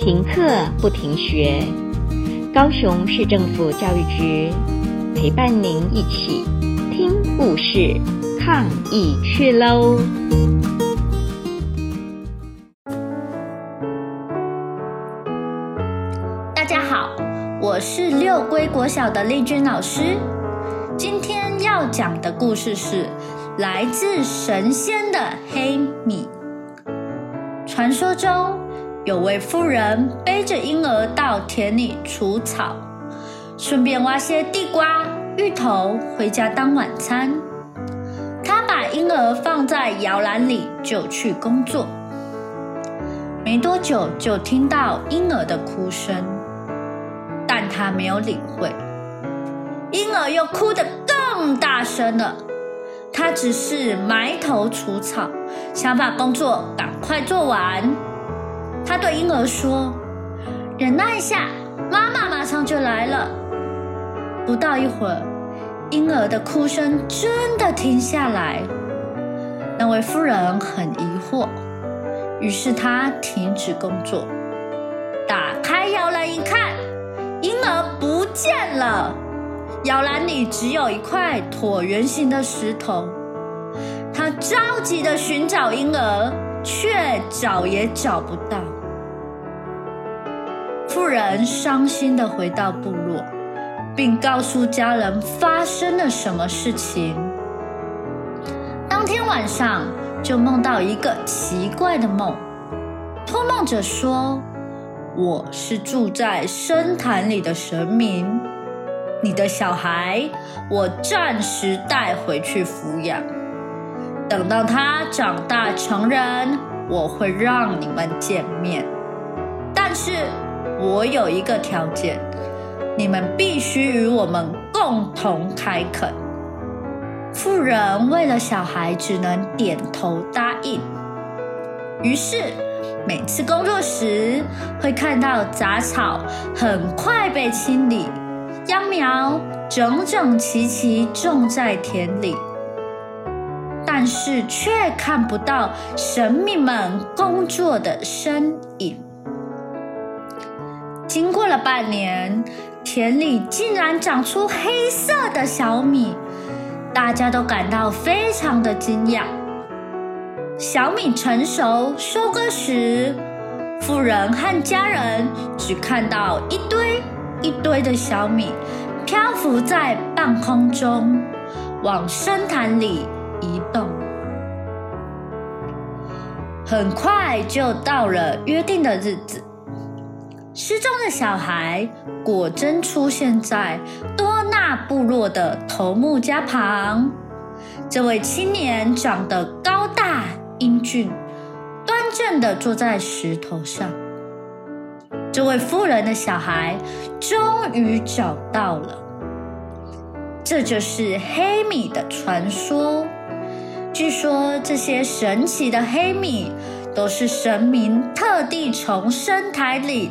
停課不停學，高雄市政府教育局陪伴您一起聽故事、抗疫去嘍！大家好，我是六龜國小的俐均老師，今天要講的故事是來自神仙的黑米。傳說中，有位婦人背着嬰兒到田裡除草，順便挖些地瓜、芋頭回家當晚餐。她把嬰兒放在搖籃裡就去工作。沒多久就聽到嬰兒的哭聲，但她沒有理會。嬰兒又哭得更大聲了，她只是埋頭除草，想把工作趕快做完。他對嬰兒說：“忍耐一下，媽媽馬上就來了。”不到一會兒，嬰兒的哭聲真的停下來。那位婦人很疑惑，於是她停止工作，打開搖籃一看，嬰兒不見了。搖籃裡只有一塊橢圓形的石頭。她着急地尋找嬰兒，卻找也找不到。婦人傷心地回到部落，並告訴家人發生了什麼事情。當天晚上就夢到一個奇怪的夢。托夢者說：“我是住在深潭裡的神明，你的小孩我暫時帶回去撫養，等到他長大成人，我會讓你們見面。”但是……我有一個條件，你們必須與我們共同開墾。婦人為了小孩，只能點頭答應。於是，每次工作時，會看到雜草很快被清理，秧苗整整齊齊種在田裡，但是卻看不到神秘們工作的身影。經過了半年，田裡竟然長出黑色的小米，大家都感到非常的驚訝。小米成熟收割時，婦人和家人只看到一堆一堆的小米漂浮在半空中，往深潭裡移動。很快就到了約定的日子。失蹤的小孩果真出現在多納部落的頭目家旁。這位青年長得高大英俊，端正地坐在石頭上。這位婦人的小孩終於找到了。這就是黑米的傳說。據說這些神奇的黑米都是神明特地從深海裡。